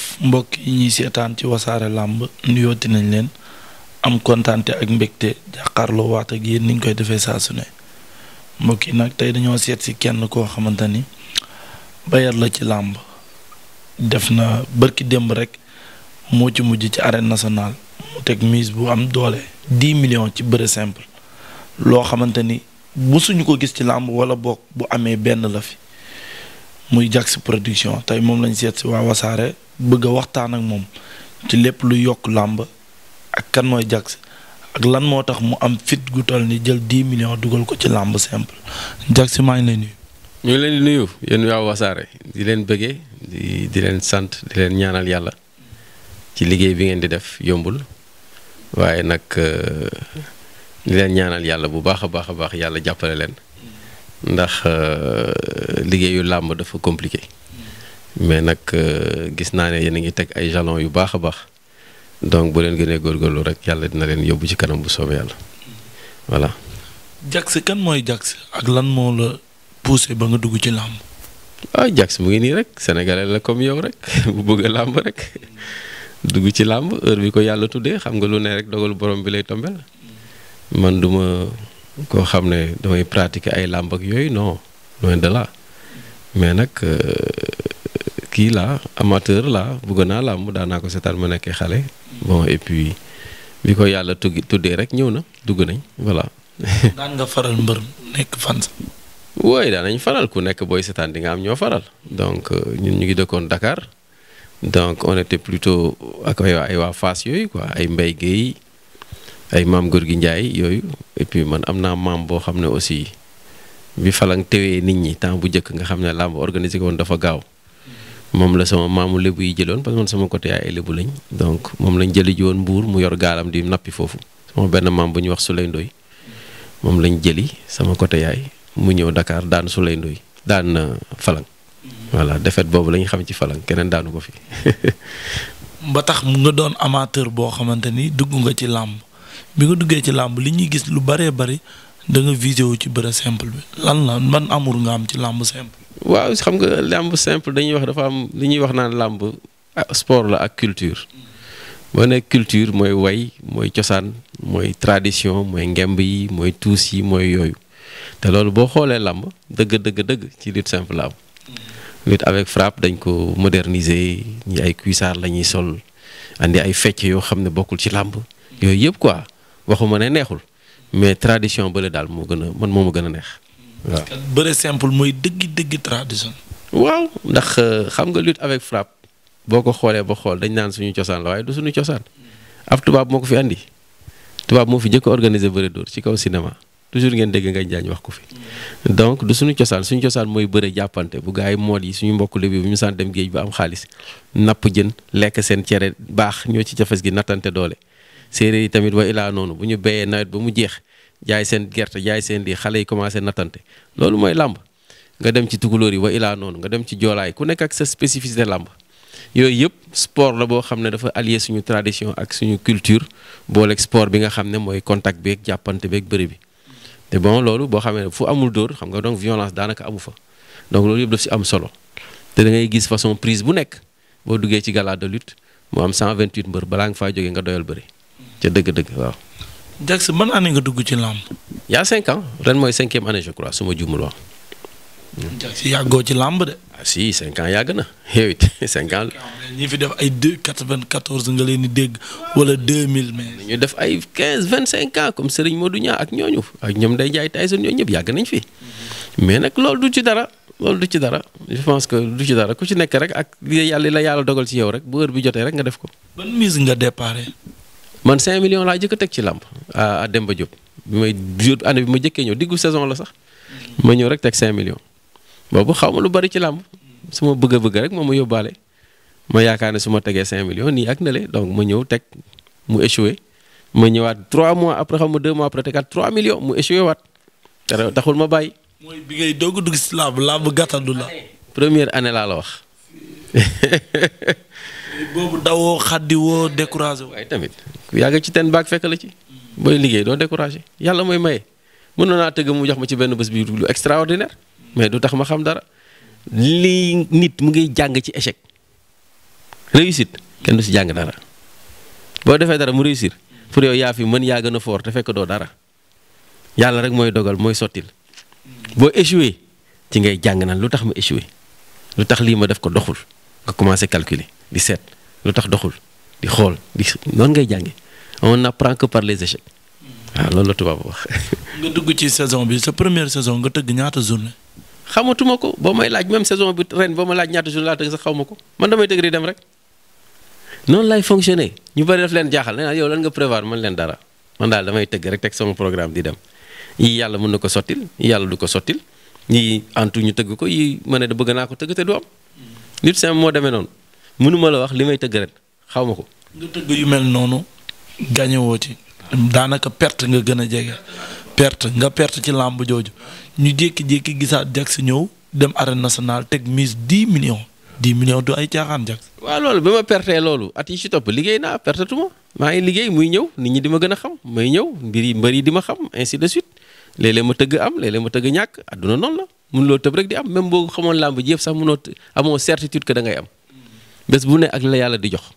jërëjëf mbokk yi ñuy seetaan ci wasaare làmb nuyooti nañ leen am kontaante ak mbégte jàkkaarloo waat ak yéen ni ñu koy defee saa su ne mbokk yi nag tey dañoo seet si kenn koo xamante ni bayar la ci làmb def na bërki démb rek moo ci mujj ci arène nationale mu teg mise bu am doole dix million ci bëre simple loo xamante ni bu suñu ko gis ci làmb wala bokk bu amee benn la fi muy Jax production tey moom lañ seet si waa wasaare bëgg a waxtaan ak moom ci lépp lu yokk làmb ak kan mooy Jax ak lan moo tax mu am fit gu toll ni jël 10 million dugal ko ci làmb simple Jax maa ngi lay ñu leen di nuyu yéen waa wasaare di leen bëggee di leen sant di leen ñaanal yàlla ci liggéey bi ngeen di def yombul waaye nag euh, di leen ñaanal yàlla bu baax a baax a baax yàlla jàppale leen. ndax euh, liggéeyu làmb dafa compliqué mais nag euh, gis naa ne yéen a ngi teg ay jalons yu baax a baax donc bu leen gënee góorgóorlu rek yàlla dina leen yóbbu ci kanam bu soobee yàlla voilà. Jax kan mooy Jax ak lan moo la poussé ba nga dugg ci làmb. ah Jax mu ngi nii rek sénégalais la comme yow rek bu bëgg làmb rek dugg ci làmb heure bi ko yàlla tuddee xam nga lu ne rek dogal borom bi lay tombel man duma koo xam ne damay pratique ay làmb yooyu non loin de là mais nag euh, kii laa amateur laa bëgg naa làmb daan naa ko seetaan ma nekkee xale. bon et puis bi ko yàlla tuggi tuddee rek ñëw na dugg nañ voilà. daan faral mbër fan. wooy daan nañ faral ku nekk booy seetaan di nga am ñoo faral donc euh, ñu ngi dëkkoon Dakar donc on était plutôt ak ay waa Fass yooyu quoi ay Mbaye Guèye ay maam góor gi Ndiaye yooyu et man am naa maam boo xam ne aussi bi falang tewee nit ñi temps bu njëkk nga xam ne làmb organisé woon dafa gaaw moom la sama maamu lébu yi jëloon parce man sama côté ay lébu lañ donc moom lañ jëli ji woon mbuur mu yor gaalam di nappi foofu benn maam bu ñuy wax Souley Ndoy moom lañ jëli sama côté yaay mu ñëw Dakar daan Souley Ndoy daan euh, falang voilà defet boobu lañ xam ci falang keneen daanu ko fi. ba tax mu nga doon amateur boo xamante ni dugg nga ci làmb. bi nga duggee ci làmb li ñuy gis lu baree bëri da nga wu ci bëre simple bi lan la man amul nga am ci làmb simple. waaw xam nga làmb simple dañuy wax dafa am li ñuy wax naan làmb ah, sport la ak culture. boo nekk culture mooy way mooy cosaan mooy tradition mooy ngemb yi mooy tuus yi mooy yooyu te loolu boo xoolee làmb dëgg dëgg dëgg ci lutte simple la am. lutte avec frappe dañ ko moderniser ay cuissard lañuy sol indi ay fecc yoo xam ne bokkul ci làmb yooyu yëpp quoi. waxuma ne neexul mais tradition bële daal moo gën a man moo ma gën a neex waaw. bëre simple mooy dëgg dëgg tradition. waaw ndax euh, xam nga lutte avec frappe boo ko xoolee ba xool dañ naan suñu cosaan la waaye du suñu cosaan ab tubaab moo ko fi andi tubaab moo fi jëkk organiser bëre dóor ci kaw cinéma toujours ngeen dégg ngay jaañ wax ko fi donc du suñu cosaan suñu cosaan mooy bëre jàppante bu gars yi mool yi suñu mbokk lébi bu ñu saan dem géej ba am xaalis napp jën lekk seen cere baax ñoo ci jafes gi nattante doole séeréer yi tamit wa ilaa noonu bu ñu béyee nawet ba mu jeex jaay seen gerte jaay seen lii xale yi commencé nattante loolu mooy làmb nga dem ci tukulóor yi wa ilaa noonu nga dem ci joolaay ku nekk ak sa spécificité làmb yooyu yëpp sport la boo xam ne dafa allier suñu tradition ak suñu culture booleeg sport bi nga xam ne mooy contact beeg jàppante beeg bëri bi te bon loolu boo xamee ne fu amul dóor xam nga donc violence daanaka amu fa donc loolu yëpp si am solo te da ngay gis façon prise bu nekk boo duggee ci gala de lutte mu am 128 mbër balaa nga faa jógee nga doyal bëri. ca dëgg-dëgg waaw. Jackson ban année nga dugg ci làmb. y' a cinq ans ren mooy cinquième année je crois su ma juumul wax. Hmm. yàggoo ci làmb de. ah si cinq yàgg na yow it cinq ans. fi def ay deux quatre-vingt-quatorze nga leen dégg wala deux mille mais. ñu def ay quinze vingt cinq ans comme Serigne du Niang ak ñooñu ak ñoom day jaay Tyson ñooñu ñëpp yàgg nañ fi. Hmm. mais nag loolu du ci dara. loolu du ci dara je pense que du ci dara ku ci nekk rek ak li yàlla la yàlla dogal ci yow rek bu heure bi jotee rek nga def ko. man million millions laa jëkk teg ci làmb à Demba Diop bi may jour année bi ma jëkkee ñëw diggu saison la sax ma ñëw rek teg 5 millions boobu xaw ma lu bari ci làmb su ma bëgg a bëgg rek moom ma yóbbaale ma yaakaar ne su ma tegee 5 millions nii ak nale donc ma ñëw teg mu échoué ma ñëwaat 3 mois après xam ma 2 mois après tegaat 3 millions mu échoué waat taxul ma bàyyi. mooy bi ngay doog a dugg si làmb làmb gàttandu la. première année laa la wax. boobu dawoo xaddiwoo découragé waaye tamit yàgg ci ten baag fekk la ci. booy liggéey doo découragé yàlla mooy maye mën na naa tëgg mu jox ma ci benn bés bi lu extraordinaire mais du tax ma xam dara lii nit mu ngi jàng ci échec réussite kenn du si jàng dara boo defee dara mu réussir pour yow yaa fi mën yaa gën a fort te fekk doo dara yàlla rek mooy dogal mooy sottil boo échoué ci ngay jàng naan lu tax ma échoué lu tax lii ma def ko doxul commencé calculer. di seet lu tax doxul di xool di noonu ngay jànge on n'apprend que par les échecs loolu la tubaab wax. nga dugg ci saison bi sa première saison nga tëgg ñaata journée. xamatuma ko boo may laaj même saison bi ren boo ma laaj ñaata journée laa tëgg sax xaw ma ko man damay tëgg di dem rek noonu lay fonctionner ñu bari daf leen jaaxal nee naa yow lan nga prévoir man leen dara man daal damay tëgg rek teg sama programme di dem yii yàlla mën na ko sottil yii du ko sottil yii antu ñu tëgg ko ma ne da bëgg naa mënuma la wax li may tëgg ren xaw ma ko. nga tëgg yu mel noonu. gagné woo ci. daanaka perte nga gën a jege. perte nga perte ci làmb jooju ñu jékki-jékki gisaat Jax ñëw dem arène nationale teg mise 10 millions. 10 millions du ay caaxaan Jax. waaw loolu ba ma pertee loolu at yi ci topp liggéey naa perte tuma maa ngi liggéey muy ñëw nit ñi di ma gën a xam may ñëw mbir yi mbër yi di ma xam ainsi de suite léeg ma tëgg am léeg ma tëgg ñàkk àdduna noonu la mun loo tëb rek di am même boo xamoon làmb ji yëpp sax munoo amoo certitude que da ngay am. bés bu ne ak la yàlla di jox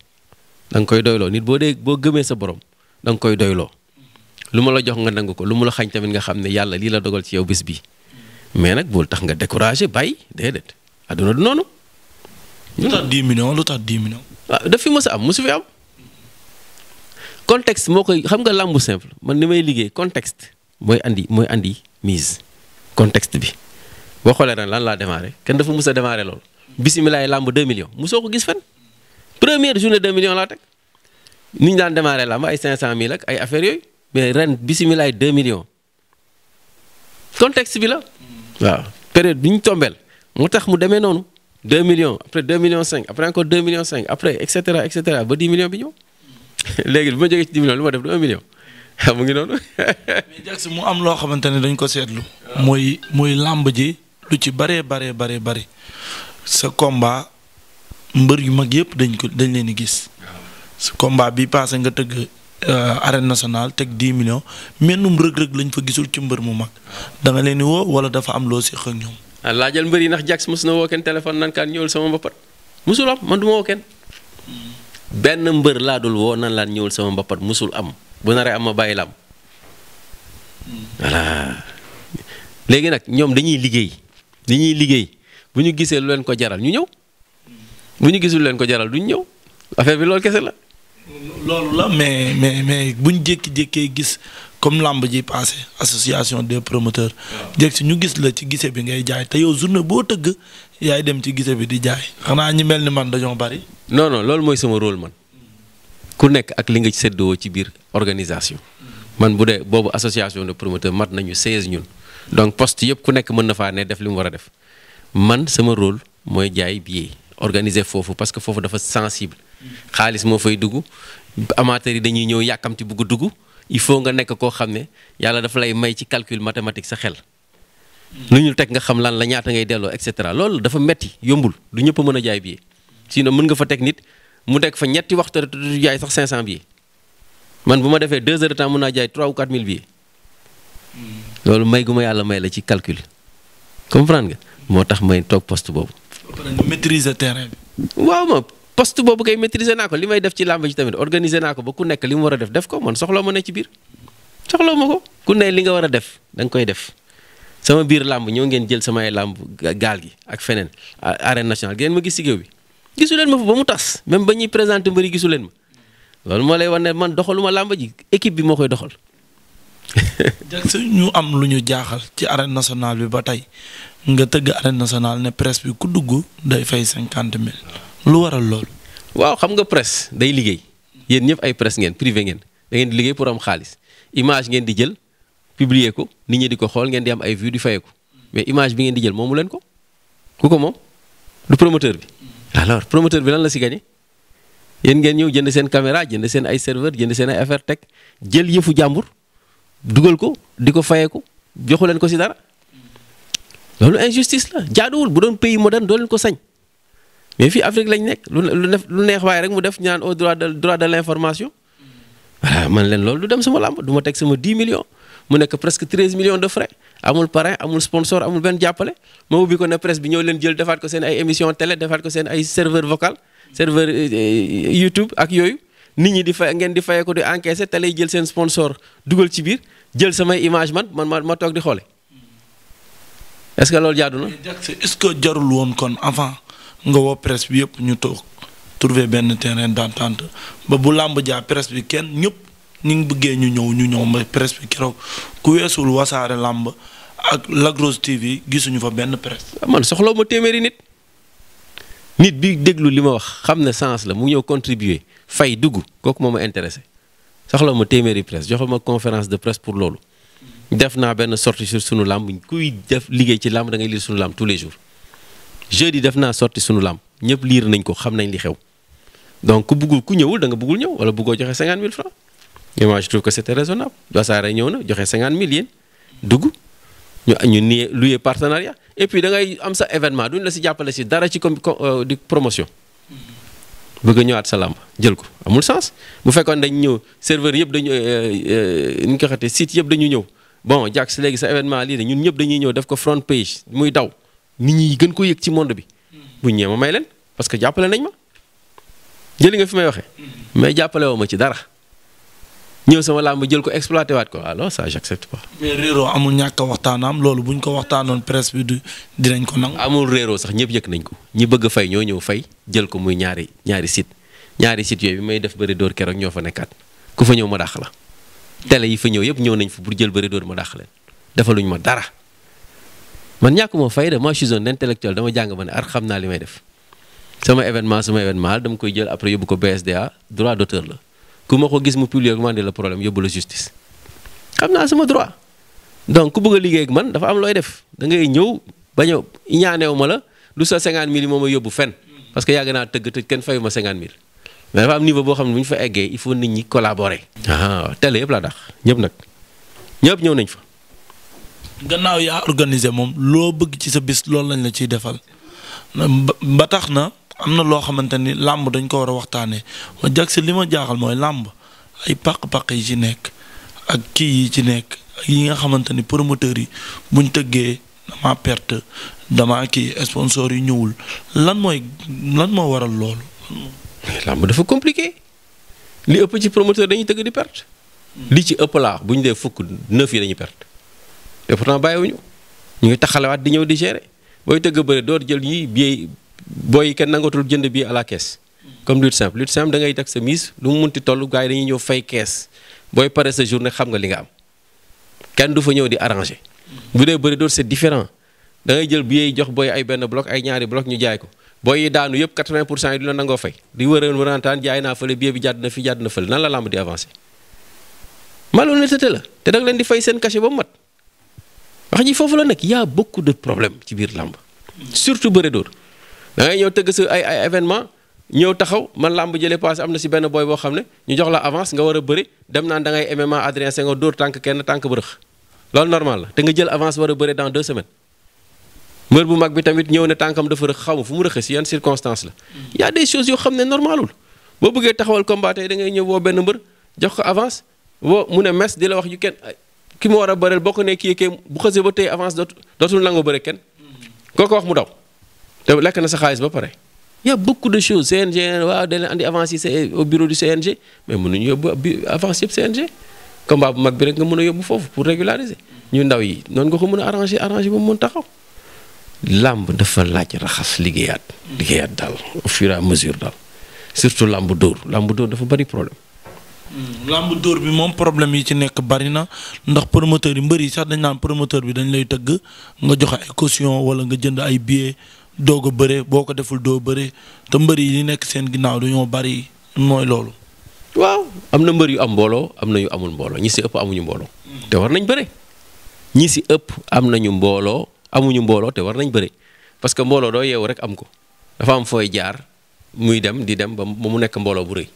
da nga koy doyloo nit boo dee boo gëmee sa borom danga koy doyloo lu ma la jox nga nangu ko lu ma la xañ tamit nga xam ne yàlla lii la dogal ci yow bés bi mais nag bul tax nga bay bàyyi déedéet adduna du noonu. lu tax 10 millions lu tax 10 millions. waaw ah, daf fi mës a am mosu fi am contexte moo koy xam nga làmbu simple man ni may liggéey context mooy indi mooy indi mise contexte bi boo xoolee ren lan laa démarré kenn dafa mus a démarré loolu. bisimilah làmb 2 mu soo ko gis fan première journée 2 millions laa teg ni ñu daan démarrer làmb ay cinq 500000 ak ay affaires yooyu mais ren bisimilah 2 millions contexte bi la. waaw période bi ñu tombeel moo tax mu demee noonu 2 millions après 2 million cinq après encore 2 millions 5 et cetera et cetera ba 10 millions bi ñëw léegi bi ma jógee ci 10 millions lu ma def du 1 million. mu ngi noonu. mais Jackson mu am loo xamante ne dañ ko seetlu. mooy mooy làmb ji lu ci baree baree baree bari sa combat mbër yu mag yëpp dañ ko dañ leen gis. sa combat bi paase nga tëgg euh, arène national teg 10 millions mennum rëg-rëg lañ fa gisul ci mbër mu mag da leen woo wala dafa am loo si ak ñoom. ah laajal mbër yi ndax Jax mos na woo kenn téléphone nan kaan ñëwul sama mbapat musul am ma woo kenn mbër laa woo nan laan ñëwul sama mbapat musul am bu naree am ma bàyyi la am léegi nag ñoom dañuy liggéey dañuy liggéey. bu ñu gisee lu leen ko jaral ñu ñëw bu ñu gisul leen ko jaral duñ ñëw affaire bi lool kese la. loolu la mais mais mais buñ jékki-jékkee gis comme lamb ji passé association des promoteurs. jékki si ñu gis la ci gise bi ngay jaay te yow journée boo tëgg yaay dem ci gisee bi di jaay. xanaa ñi mel ni man dañoo bari. non non loolu mooy sama rôle man ku nekk ak li nga séddoo ci biir organisation. man bu dee boobu association de promoteurs mat nañu seize ñun donc poste yëpp ku nekk mën na faa ne def li mu war a def. man sama rôle mooy jaay billet organiser foofu parce que foofu dafa sensible xaalis moo fay dugg amateurs yi dañuy ñëw yàkkamti bugg dugg il faut nga nekk koo xam ne yàlla dafa lay may ci calcul mathématique sa xel. lu ñu teg nga xam lan la ñaata ngay delloo et cetera loolu dafa metti yombul du ñëpp mën a jaay billet sinon mën nga fa teg nit mu teg fa ñetti waxtu du jaay sax 500 billets man bu ma defee 2 heures mën naa jaay 3 ou 4 mille hmm. loolu may gu ma yàlla may la ci calcul comprendre nga. moo tax may toog post boobu. maîtriser terrain bi. waaw ma poste boobu kay maîtriser naa ko li may def ci làmb ji tamit organiser naa ko ba ku nekk li mu war a def def ko man soxla ma ne ci biir soxla ne li nga war a def da koy def. sama biir làmb ñoo ngeen jël samay làmb gaal gi ak feneen arène nationale gi ma gis si géew bi gisu leen ma fa ba mu tas même ba ñuy présenté mbëri gisu leen ma loolu moo lay wan ne man doxaluma làmb ji équipe bi moo koy doxal. Jackson ñu am lu ñu jaaxal ci arène nationale bi ba tey nga tëgg arène nationale ne presse bi ku dugg day fay cinquante mille lu waral loolu. waaw xam nga presse day liggéey yéen ñëpp ay presse ngeen privé ngeen da ngeen di liggéey pour am xaalis image ngeen di jël publier ko nit ñi di ko xool ngeen di am ay vues di fay ko mais image bi ngeen di jël moomu leen ko ku ko moom du promoteur bi. alors promoteur bi lan la si gagné yéen ngeen ñëw jënd seen caméra jënd seen ay serveur jënd seen ay affaire teg jël yëfu jàmbur dugal ko di ko fayee ko joxu leen ko si dara. loolu injustice la jaaduwul bu doon pays moderne doo leen ko sañ mais fii Afrique lañ nekk lu def lu neex waaye rek mu def ñaan au droit de droit de l'information voilà man leen loolu du dem sama làmb du ma teg sama 10 millions mu nekk presque 13 millions de frais amul parrain amul sponsor amul benn jàppale ma ubbi ko na presse bi ñëw leen jël defaat ko seen ay émission télé defaat ko seen ay serveur vocal serveur euh, euh, YouTube ak yooyu nit ñi di fay ngeen di fayee ko di encaisser télé yi jël seen sponsor dugal ci biir jël samay image man man ma toog di xoole est-ce que loolu jaadu na. est-ce que jarul woon kon avant nga woo presse bi yëpp ñu toog trouver benn terrain d'entente ba bu làmb jaa presse bi kenn ñëpp ñu ngi bëggee ñu ñëw ñu ñëw ma presse bi keroog ku weesul wasaare làmb ak Lac Rose TV gisuñu fa benn presse. soxla soxlawu ma téeméeri nit nit bi déglu li ma wax xam ne sens la mu ñëw contribuer fay dugg kooku moom ma intéressé soxlawu ma téeméeri presse joxal ma conférence de presse pour loolu. def naa benn sortie sur sunu làmb kuy def liggéey ci làmb da ngay lire sunu làmb tous les jours jeudi def naa sortie sunu làmb ñëpp liir nañ ko xam nañ li xew donc ku buggul ku ñëwul da nga buggul ñëw wala buggoo joxe 50 000 francs et moi je trouve que c'était raisonnable joxe 50 000 dugg ñu ñu nii luyee partenariat et puis da ngay am sa événement duñ la si jàppale si dara ci comme euh, di promotion bëgg a ñëwaat sa làmb jël ko amul sens bu fekkoon dañ ñëw serveur yëpp dañu euh, euh, ñu ko xatee site yëpp dañu ñëw. bon Jax léegi sa événement lii de ñun ñëpp dañuy ñëw def ko front page muy daw nit ñi gën ko yëg ci monde bi bu ñëwee ma may leen parce que jàppale nañ ma jëli nga fi may waxee mm-hmm. mais jàppale ma ci dara ñëw sama làmb jël ko exploité waat ko alors ça j'accepte pas. mais réeroo amul ñàkk a waxtaanaam loolu buñ ko waxtaanoon presse bi du dinañ ko nangu. amul réeroo sax ñëpp yëg nañ ko ñi bëgg a fay ñoo ñëw fay jël ko muy ñaari ñaari site ñaari site yooyu bi may def bëri dóor keroog ñoo fa nekkaat ku fa ñëw ma dàq la. télé yi fa ñëw yëpp ñëw nañ fa pour jël bëri dóor ma dàq leen defaluñ ma dara man ñàkkuma fayda moi je suis un intellectuel dama jàng ba ne ar xam naa li may def sama événement sama événement dama koy jël après yóbbu ko BSDA droit d'auteur la ku ma ko gis mu publier ko mandé le problème yóbbu la justice xam naa sama droit donc ku bëgg liggéey ak man dafa am looy def da ngay ñëw bañ a ñaaneew ma la du sa 50 000 yi moom a yóbbu fenn parce naa tëgg tëj kenn fayu ma 50 000 dafa am niveau boo xam ne bu ñu fa eggee il faut nit ñi collaborer. waaw ah. ah, télé yëpp laa dax ñëpp nag ñëpp ñëw nañ fa. gannaaw yaa organiser moom loo bëgg ci sa bis loolu lañ la ciy defal ba tax na am na loo xamante ni làmb dañ ko war a waxtaanee ma jag si li ma jaaxal mooy làmb ay pàq-pàq yi ci nekk ak kii yi ci nekk yi nga xamante ni promoteurs yi buñ tëggee dama perte dama kii sponsor yi ñëwul lan mooy lan moo waral loolu. làmb dafa compliqué li ëpp ci promoteur dañuy tëgg di perte. li ci ëpp laa bu ñu dee fukk neuf yi dañuy perte te pourtant bàyyiwuñu ñu ngi taxalewaat di ñëw di gérer booy tëgg a bëre door jël yi bii booy kenn nangatul jënd bii à la caisse. comme lutte simple lutte simple da ngay teg sa mise lu mu munti toll gars dañuy ñëw fay caisse booy pare sa journée xam nga li nga am kenn du fa ñëw di arranger. bu dee bëri door c'est différent da ngay jël billet yi jox booy ay benn bloc ay ñaari bloc ñu jaay ko. booy yi daanu yëpp 80 pour cent yi du la nangoo fay di wërën wërantaan jaay naa fële biir bi jàdd na fi jàdd na fële nan la làmb di avancé mal honnêteté la te da leen di fay seen cachet ba mu mat wax ji foofu la nag y' a beaucoup de problèmes ci biir làmb surtout bëre door da ngay ñëw tëgg sa ay ay événement ñëw taxaw man làmb jëlee passé am na si benn booy boo xam ne ñu jox la avance nga war a bëri dem naan da ngay MMA Adrien Senghor tànk kenn tànk bërëx loolu normal la te nga jël avance war a bëri dans deux semaines. mbër bu mag bi tamit ñëw ne tànkam dafa rëx xaw ma fu mu rëxe si yan circonstance la y a des choses yoo xam ne normalul boo bëggee taxawal combat tey da ñëw woo benn mbër jox ko avance ne mes la wax kenn ki mu war a bëreel boo ko nee kii kee bu xësee ba tey avance dootul dootul nangu bëre kenn koo ko wax mu daw te lekk na sa xaalis ba pare y a beaucoup de choses CNG waaw dañ leen andi avance yi au bureau du CNG mais mënuñu yóbbu mag bi rek nga mën a yóbbu foofu pour régulariser ñu ndaw yi noon nga ko mën a arranger arranger ba mu mën taxaw làmb dafa laaj raxas liggéeyaat. liggéeyaat daal au fur et à mesure daal surtout làmb dóor làmb dóor dafa bari problème. Hmm, làmb door bi moom problème yi ci nekk bari na ndax promoteur yi mbër yi sax dañ naan promoteur bi dañ lay tëgg nga joxe ay caution wala nga jënd ay billets doog a bëre boo ko deful doo bëre te mbër yi li nekk seen ginnaaw dañoo bari mooy loolu. waaw am na mbër yu am mbooloo am na yu amul mbooloo ñi si ëpp amuñu mbooloo. Hmm. te war nañ bëre am nañu mbooloo. amuñu mbooloo te war nañ bëre parce que mbooloo doo yeewu rek am ko dafa am fooy jaar muy dem di dem ba mu nekk mbooloo bu rëy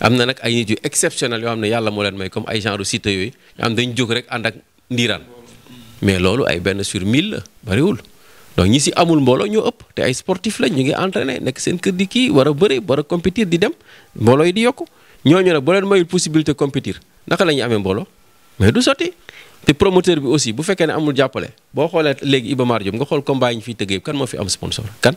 am na nag ay nit yu exceptionnel yoo xam ne yàlla moo leen may comme ay genre site yooyu yoo xam jóg rek ànd ak ndiiraan mais loolu ay benn sur mille la bariwul donc ñi si amul mbooloo ñoo ëpp te ay sportif lañ ñu ngi entraîné nekk seen kër di kii war a bëre war a di dem mbooloo yi di yokku ñooñu nag bu leen mayul possibilité compétir naka la amee mbooloo mais du sotti te promoteur bi aussi bu fekkee ne amul jàppale boo xoolee léegi Iba Mar Diop nga xool combat yi ñu fiy tëggee kan moo fi am sponsor kan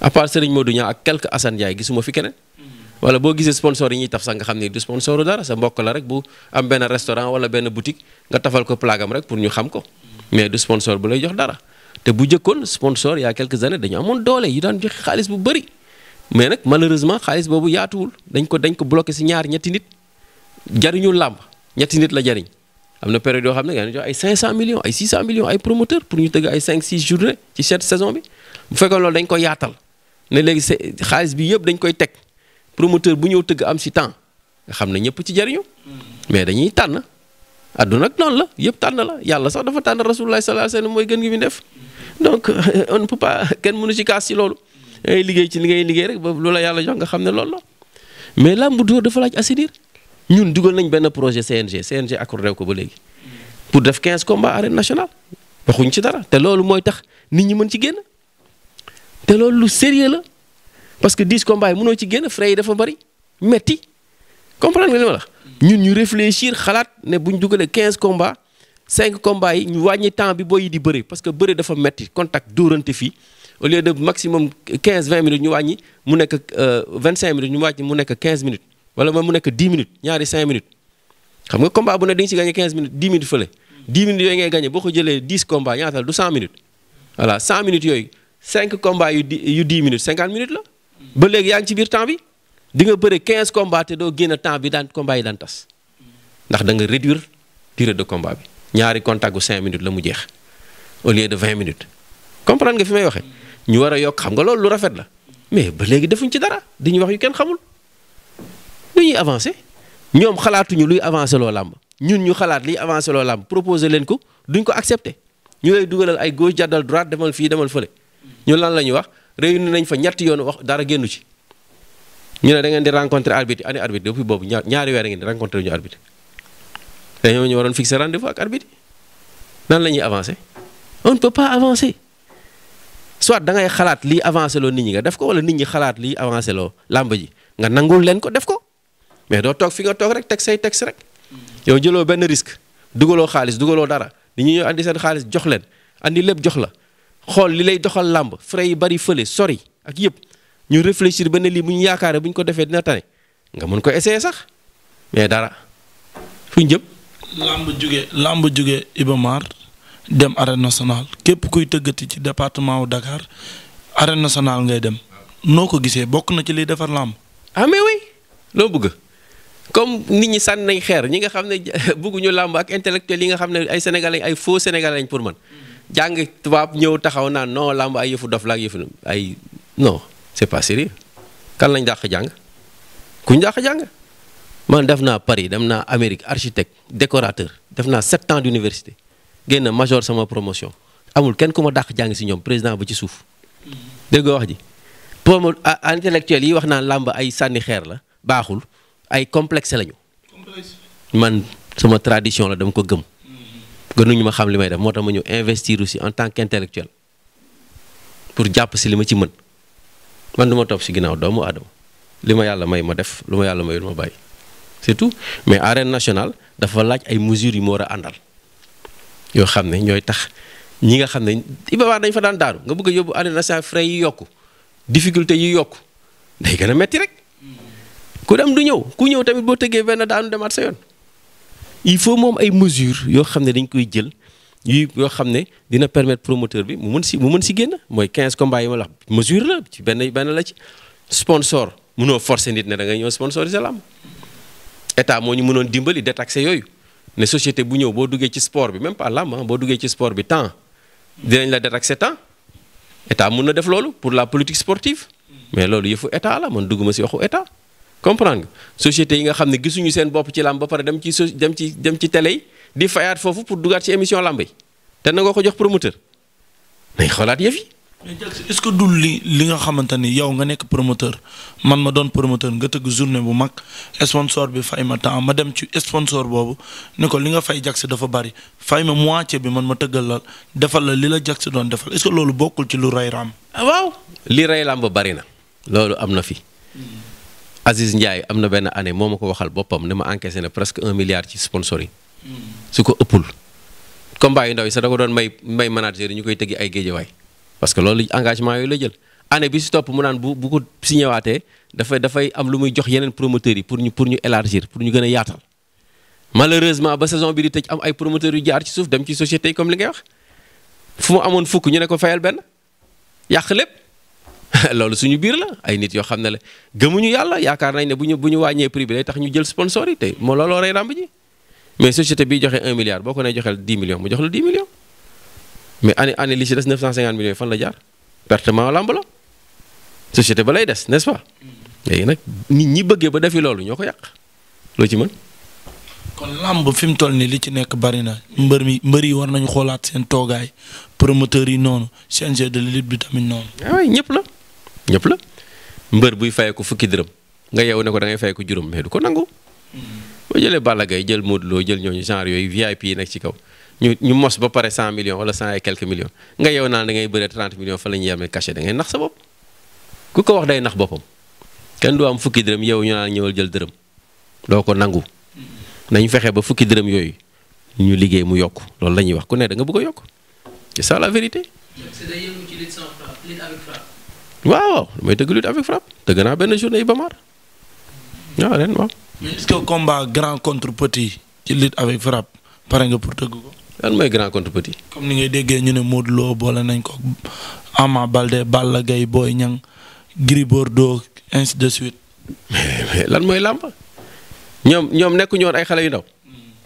à part Serigne Modou Niang ak quelques Assane Ndiaye gisuma fi keneen. Mm-hmm. wala boo gisee sponsor yi ñuy taf sax nga xam ne du sponsor dara sa mbokk la rek bu am benn restaurant wala benn boutique nga tafal ko plagam rek pour ñu xam ko mm-hmm. mais du sponsor bu lay jox dara te bu jëkkoon sponsor yaa quelques années dañu amoon doole yi daan joxe xaalis bu bëri mais nag malheureusement xaalis boobu yaatuwul dañ ko dañ ko bloqué si ñaar ñetti nit jariñul làmb ñetti nit la jariñ am na période yoo xam ne nga jox ay 500 millions ay 600 millions ay promoteurs pour ñu tëgg ay 5 6 journées ci cette saison bi bu loolu dañ ko yaatal ne léegi xaalis bi yëpp dañ koy teg promoteur bu ñëw tëgg am si temps nga xam ne ñëpp ci jariñu mais dañuy tànn àdduna ak noonu la yëpp tànn la yàlla sax dafa tànn rasulullah sa alayhi wasallam mooy gën gi mu def donc on ne kenn mënu ci kaas si loolu da liggéey ci li ngay liggéey rek ba loola yàlla jox nga xam ne loolu la mais làmb dóor dafa laaj assainir ñun dugal nañ benn projet CNG CNG accordé ko ba léegi pour def 15 combats arène nationale waxuñ ci dara te loolu mooy tax nit ñi mën ci génn te loolu lu sérieux la parce que 10 combats yi mënoo ci génn frais yi dafa bari metti comprendre nga li ma la ñun ñu réfléchir xalaat ne buñ dugalee 15 combats 5 combats yi ñu wàññi temps bi booy yi di bëre parce que bëre dafa metti contact dóorante fii au lieu de maximum 15 20 minutes ñu wàññi mu nekk 25 euh, minutes ñu wàññi mu nekk 15 minutes. wala moom mu nekk 10 minutes ñaari 5 minutes xam nga combat bu ne di nga si gagné 15 minutes 10 minutes fële 10 minutes yooyu ngay gagné boo ko jëlee 10 combats ñaatal du 100 minutes voilà 100 minutes yooyu 5 combats yu di minutes 50 minutes la. de combat bi ñaari contact gu 5 la mu jeex au lieu de 20 minutes comprendre nga fi may waxee ñu war a yokk xam nga loolu lu rafet la mais ba léegi defuñ ci dara dañuy wax yu kenn xamul. dañuy avancé ñoom xalaatuñu luy avancé loo làmb ñun ñu xalaat liy avancé loo làmb proposé leen ko duñ ko accepté ñu lay ay gauche jàddal droite demal fii demal fële ñu lan la ñuy wax réuni nañ fa ñetti yoon wax dara génnu ci ñu ne da ngeen di rencontré arbitre ani arbitre depuis boobu ñaari weer ngeen di rencontré ñu arbitre te ñoom ñu waroon fixé rendez-vous ak arbitre nan la ñuy avancé on ne peut pas avancer da ngay xalaat liy avancé loo nit ñi nga def ko wala nit ñi xalaat liy avancé loo làmb ji nga nangul leen ko def ko mais doo toog fi nga toog rek teg say texte rek yow jëloo benn risque dugaloo xaalis dugaloo dara li ñi ñëw andi seen xaalis jox leen andi lépp jox la xool li lay doxal làmb frais yi bari fële sori ak yëpp ñu réfléchir ba ne lii bu ñu yaakaaree bu ñu ko defee dina tane nga mun ko essayer sax mais dara fu ñu jëm. làmb jóge làmb jóge Iba dem arène nationale képp kuy tëggati ci département wu Dakar arène nationale ngay dem noo ko gisee bokk na ci liy defar làmb. Ah, loo bëgg. comme nit ñi sànni nañ xeer ñi nga xam ne bëgguñu làmb ak intellectuel yi nga xam ne ay sénégalais ay faux sénégalais pour man jàng tubaab ñëw taxaw naan non làmb ay yëfu dof la ak yëfu ay non c'est pas sérieux kan lañ dàq jàng kuñ dàq jàng man def naa Paris dem naa Amérique architecte décorateur def naa sept ans d'université génn major sama promotion amul kenn ku ma dàq jàng si ñoom président ba ci suuf dégg nga wax ji pour intellectuel yi wax naan làmb ay sànni xeer la baaxul. ay complexe lañu. man sama tradition la dama ko gëm. gënuñu ma xam li may def moo tax ma ñëw investir aussi en tant qu'intellectuel pour jàpp si li ma ci mën man du ma topp si ginnaaw doomu aadama li ma yàlla may ma def lu ma yàlla mayul ma bàyyi c'est mais arène nationale dafa laaj ay mesures yu ma war a àndal yoo xam ne ñooy tax ñi nga xam ne Iba dañ fa daan daaru nga bëgg a yóbbu arène nationale frais yi yokku difficulté yi yokku day gën a metti rek. ku dem du ñëw ku ñëw tamit boo tëggee benn daanu demaat sa yoon il faut moom ay mesures yoo xam ne dañ koy jël yu yoo xam ne dina permettre promoteur bi mu mën si mu mën si génn mooy quinze combats yi ma la ci benn benn la ci sponsor mënoo forcer nit ne da ngay ñëw sponsoriser lamb état moo ñu mënoon dimbali détaxé yooyu ne société bu ñëw boo duggee ci sport bi même pas lamb ah, boo duggee ci sport bi temps dinañ la détaxé temps état mun na def loolu pour la politique sportive mais loolu yëfu état la man dugguma si waxu état. comprendre nga société yi nga xam ne gisuñu seen bopp ci làmb ba pare dem ci so dem ci dem ci télé yi di fayaat foofu pour dugaat ci émission làmb yi te na nga ko jox promoteur nañ xoolaat yëf yi. est-ce que dul li li nga xamante ni yow nga nekk promoteur man ma doon promoteur nga tëgg journée bu mag sponsor bi fay ma temps ma dem ci sponsor boobu ni ko li nga fay Jax dafa bari fay ma moitié bi man ma tëggal la defal la li la Jax doon defal est-ce loolu bokkul ci lu rey ah, waaw li rey làmb bari na loolu am na fi. Hmm. Aziz Ndiaye am na benn année moo ma ko waxal boppam ne ma encaissé na presque un milliard ci sponsoring su ko ëppul combat yu ndaw yi sax da doon may may manager yi ñu koy tëggi ay géejawaay parce que loolu engagement yooyu la jël année bi si topp mu naan bu bu ko signé waatee dafay dafay am lu muy jox yeneen promoteurs yi pour ñu pour ñu élargir pour ñu gën a yaatal malheureusement ba saison bi di tëj am ay promoteurs yu jaar ci suuf dem ci société yi comme li ngay wax mu amoon fukk ñu ne ko fayal benn yàq lépp loolu suñu biir la ay nit yoo xam ne la gëmuñu yàlla yaakaar nañ ne bu ñu bu ñu wàññee prix bi tax ñu jël sponsor yi te moo looloo rey làmb ji mais société bi joxe 1 milliard boo ko nee joxeel 10 millions mu jox la 10 millions mais année année li ci des 950 millions fan la jaar pertement làmb la société ba lay des n'est-ce pas. Mm. léegi nag nit ñi bëggee ba defi loolu ñoo ko yàq loo ci mën. kon làmb fi mu toll nii li ci nekk bari na mbër mi mbër yi war nañu xoolaat seen toogaay promoteur yi noonu CNG de lutte bi tamit ñëpp la mbër buy fayee ko fukki dërëm nga yeewu ne ko da ngay fayee ko juróom mais du ko nangu. boo jëlee Balla Gaye jël Modou Lo jël ñoo ñu genre yooyu VIP yi nekk ci kaw ñu ñu mos ba pare 100 million wala cent et quelques millions nga yeewu naan da ngay bëree 30 millions fa la ñuy yemee cachet da ngay nax sa ku ko wax day nax boppam kenn du am fukki dërëm yow ñu naan ñëwal jël dërëm doo ko nangu. nañu fexe ba fukki dërëm yooyu ñu liggéey mu yokk loolu la ñuy wax ku ne da nga bëgg yokk c'est ça waaw waaw damay tëgg lutte avec frappe tëgg naa benn journée Iba Mar waaw ren waaw. mais est-ce grand contre ci lutte avec frappe pare nga pour tëgg ko. lan mooy grand contre petit. comme ni ngay déggee ñu ne Modou Lo boole nañ ko Ama Baldé Balla Gaye Boy Niang Gris Bordeaux ainsi de suite. mais lan mooy làmb ñoom ñoom nekkuñu woon ay xale yu ndaw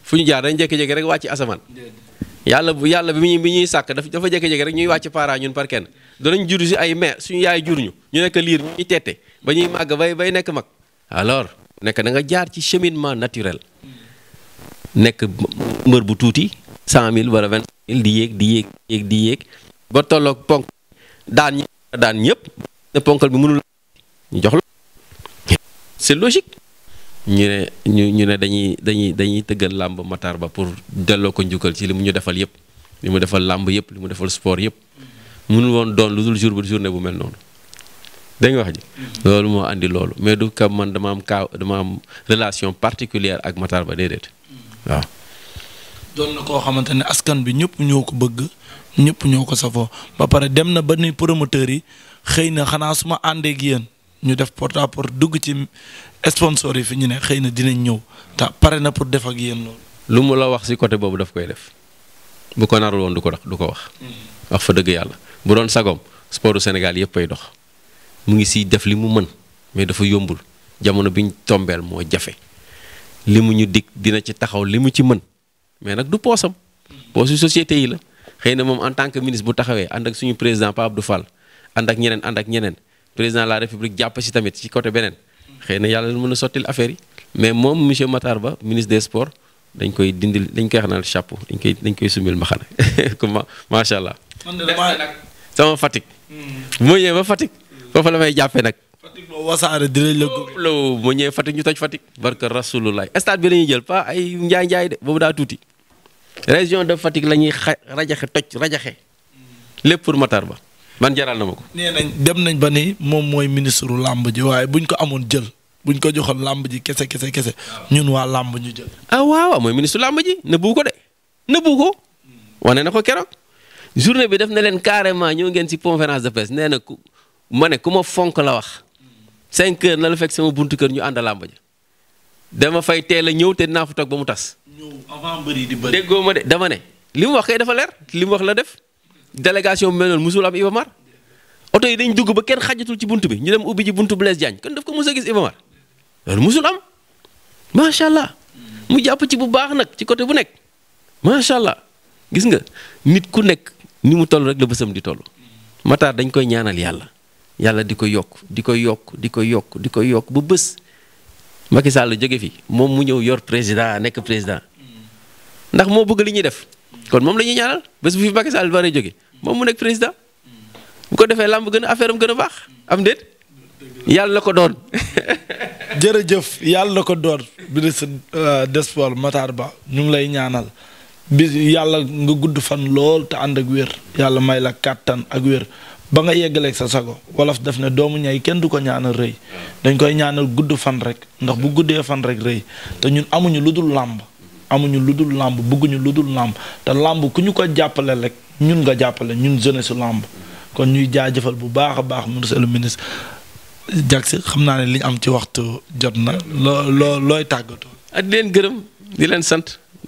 fu ñu jaar dañ jékki-jékki rek wàcc asamaan. yàlla bu yàlla bi ñuy bi ñuy sàkk dafa jékki-jékki rek ñuy wàcc para ñun par kenn. danañ jur si ay mère suñu yaay jur ñu ñu nekk liir ñu tette ba ñuy màgg bay bay nekk mag alors nekk da nga jaar ci cheminement naturel nekk mbër bu tuuti cent mille wala vingt mille yéeg di yéeg yéeg di yéeg ba tolloog ponk daan ñi daan ñëpp ne ponkal bi mënul ñu jox la c'est logique ñu ne ñu ñu ne dañuy dañuy dañuy tëggal làmb Matar Ba pour delloo ko njukkal ci li mu ñu defal yëpp li mu defal làmb yëpp li mu defal sport yëpp mënul woon doon lu dul jour bu journée bu mel noonu dégg wax ji. Mm-hmm. loolu moo andi loolu mais du kam man dama am kaa dama am relation particulière ak matal Ba déedéet mm-hmm. waaw. doon na koo xamante ne askan bi ñëpp ñoo ko bëgg ñëpp ñoo ko safoo ba pare dem na ba ni promoteur yi xëy na xanaa su ma àndee yéen ñu def porta à dugg ci sponsor yi fi ñu ne xëy na dinañ ñëw te pare na pour def ak yéen loolu. lu mu la wax si côté boobu daf koy def bu ko narul woon du ko du ko wax. Mm-hmm. dëgg yàlla. bu doon sagom sportu Sénégal yëpp ay dox mu ngi siy def li mu mën mais dafa yombul jamono bi ñu tombeel moo jafe li mu ñu dig dina ci taxaw li mu ci mën mais nag du poosam poosu société yi la xëy na moom en tant que ministre bu taxawee ànd ak suñu président Pape Abdou Fall ànd ak ñeneen ànd ak ñeneen président la république jàpp si tamit ci côté beneen xëy na yàlla mën a sottil affaire yi mais moom monsieur Matar Ba ministre de sports dañ koy dindil dañ koy xanal chapeau dañ koy dañ koy sumil mbaxana comme macha allah. sama Fatick. bu ñëwee ba fatik foofu la may jàppee nag. Fatick moom wasaare dinañ la góob. loolu mu ñëwee Fatick ñu toj Fatick. barka rasulullah stade bi la ñuy jël pas ay njaay njaay de boobu daa tuuti. région de Fatick la ñuy xa rajaxe toj rajaxe lépp pour Matar Ba man jaral na ma ko. nee nañ dem nañ ba ni moom mooy ministre làmb ji waaye buñ ko amoon jël buñ ko joxoon làmb ji kese kese kese ñun waa làmb ñu jël. ah waaw mooy ministre làmb ji nëbbu ko de nëbbu ko wane na ko keroog. journée bi def na leen carrément ñëw ngeen ci conférence de presse nee na ku ma ne ku ma fonk la wax cinq heures na la fekk sama buntu kër ñu ànd a ja dama fay teel a ñëw te naa fa toog ba mu tas. ñëw avant mbër yi déggoo ma de dama ne li mu wax kay dafa leer li mu wax la def délégation bu mel noonu musul am Ibamar oto yi dañ dugg ba kenn xajatul ci bunt bi ñu dem ubbi ci bunt Blaise Diagne kon daf ko mos a gis Ibamar loolu musul am macha allah mu jàpp ci bu baax nag ci côté bu nekk macha allah gis nga nit ku nekk. ni mu toll rek la bësam di toll Matar dañ koy ñaanal yàlla yàlla di ko yokk di ko yokk di ko yokk di ko yokk ba bés Macky Sall jóge fi moom mu ñëw yor président nekk président ndax moo bëgg li ñuy def kon moom la ñuy ñaanal bés bu fi Macky Sall jóge moom mu nekk président bu ko defee làmb gën a affaire am gën a baax am déet yàlla ko doon. jërëjëf yàlla ko doon ministre euh, des sports Matar Ba ñu ngi lay ñaanal. bis yàlla nga gudd fan lool te ànd ak wér yàlla may la kàttan ak wér ba nga yeggaleeg sa sago wolof def ne doomu ñay kenn du ko ñaanal rëy dañ koy ñaanal gudd fan rek ndax bu guddee fan rek rëy te ñun amuñu lu dul làmb amuñu lu dul làmb bëgguñu lu dul làmb te làmb ku ñu ko jàppale rek ñun nga jàppale ñun jeunesse su làmb kon ñuy jaajëfal bu baax a baax monsieur le ministre Diaks xam naa ne li ñu am ci waxtu jot na loo loo looy tàggatoo. ak ah, leen gërëm di leen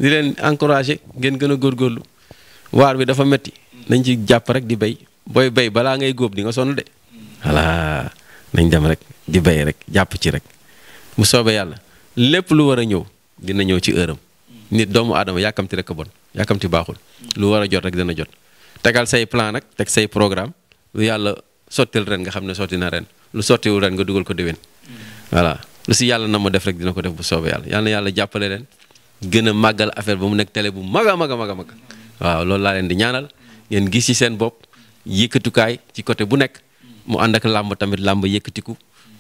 di leen encouragé ngeen gën a góor góorlu waar bi dafa metti nañ ci jàpp rek di bay booy bay balaa ngay góob di nga sonn de voilà nañ dem rek di béy rek jàpp ci rek mu soobee yàlla lépp lu war a ñëw dina ñëw ci ëram nit doomu aadama yàkkamti rek a bon yàkkamti baaxul lu war a jot rek dana jot tegal say plan nag teg say programme lu yàlla sottil ren nga xam ne sotti na ren lu sottiwul ren nga dugal ko déwén voilà lu si yàlla na ma def rek dina ko def bu soobee yàlla yàlla yàlla jàppale leen gën a màggal affaire ba mu nekk télé bu mag a mag waaw loolu laa leen di ñaanal ngeen gis ci seen bopp yëkkatukaay ci côté bu nekk mu ànd ak làmb tamit làmb yëkkatiku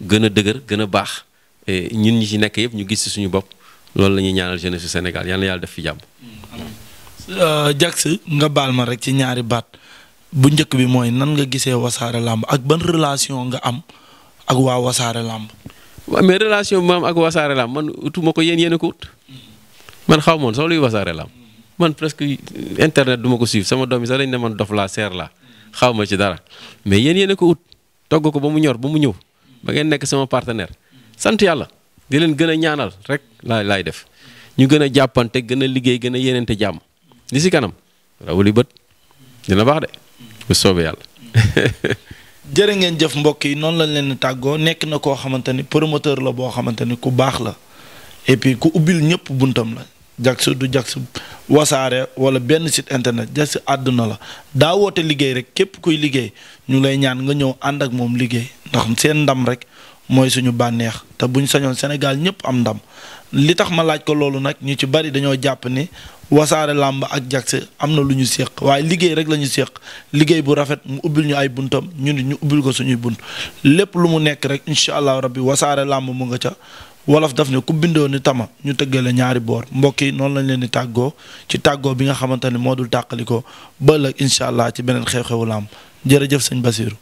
gën a dëgër gën a baax ñun ñu ci nekk yëpp ñu gis ci suñu bopp loolu la ñuy ñaanal jeunesse su senegal yal na yàlla def fi jàmm. Euh, Jax nga baal ma rek ci ñaari baat bu njëkk bi mooy nan nga gisee wasaare làmb ak ban relation nga am ak waa wasaare làmb. waaw mais relation bi ma am ak wasaare ko yéen yéen man xaw moon soo luy wasaare lam man presque internet duma ko suivre sama doom yi sax dañ ne man dof laa seer laa xaw ma ci dara mais yéen yéen a ko ut togg ko ba mu ñor ba mu ñëw ba ngeen nekk sama partenaire sant yàlla di leen gën a ñaanal rek laa laay def ñu gën a jàppante gën a liggéey gën a yéeneente jàmm di si kanam rawuli bët dina baax de bu soobee yàlla. jërë ngeen jëf mbokk yi noonu lañ leen tàggoo nekk na koo xamante ni promoteur la boo xamante ni ku baax la et puis ku ubbil ñëpp buntam Jaks du Jaks wasaare wala benn sit internet Jaks àdduna la daa woote liggéey rek képp kuy liggéey ñu lay ñaan nga ñëw ànd ak moom liggéey ndax seen ndam rek mooy suñu bànneex te buñ sañoon Sénégal ñëpp am ndam li tax ma laaj ko loolu nag ñu ci bari dañoo jàpp ni wasaare làmb ak Jaks am na lu ñu séq waaye liggéey rek la ñu séq liggéey bu rafet mu ubbil ñu ay buntam ñu ni ñu ubbil ko suñuy bunt lépp lu mu nekk rek incha allah rabbi wasaare làmb mu nga ca. wolof daf ne ku bindoo ni tama ñu tëggale ñaari boor mbokk yi noonu lañ leen di tàggoo ci tàggoo bi nga xamante ne moo dul tàqaliko ba ëllëg incha allah ci beneen xew-xewu laam jërëjëf sëñ Basiru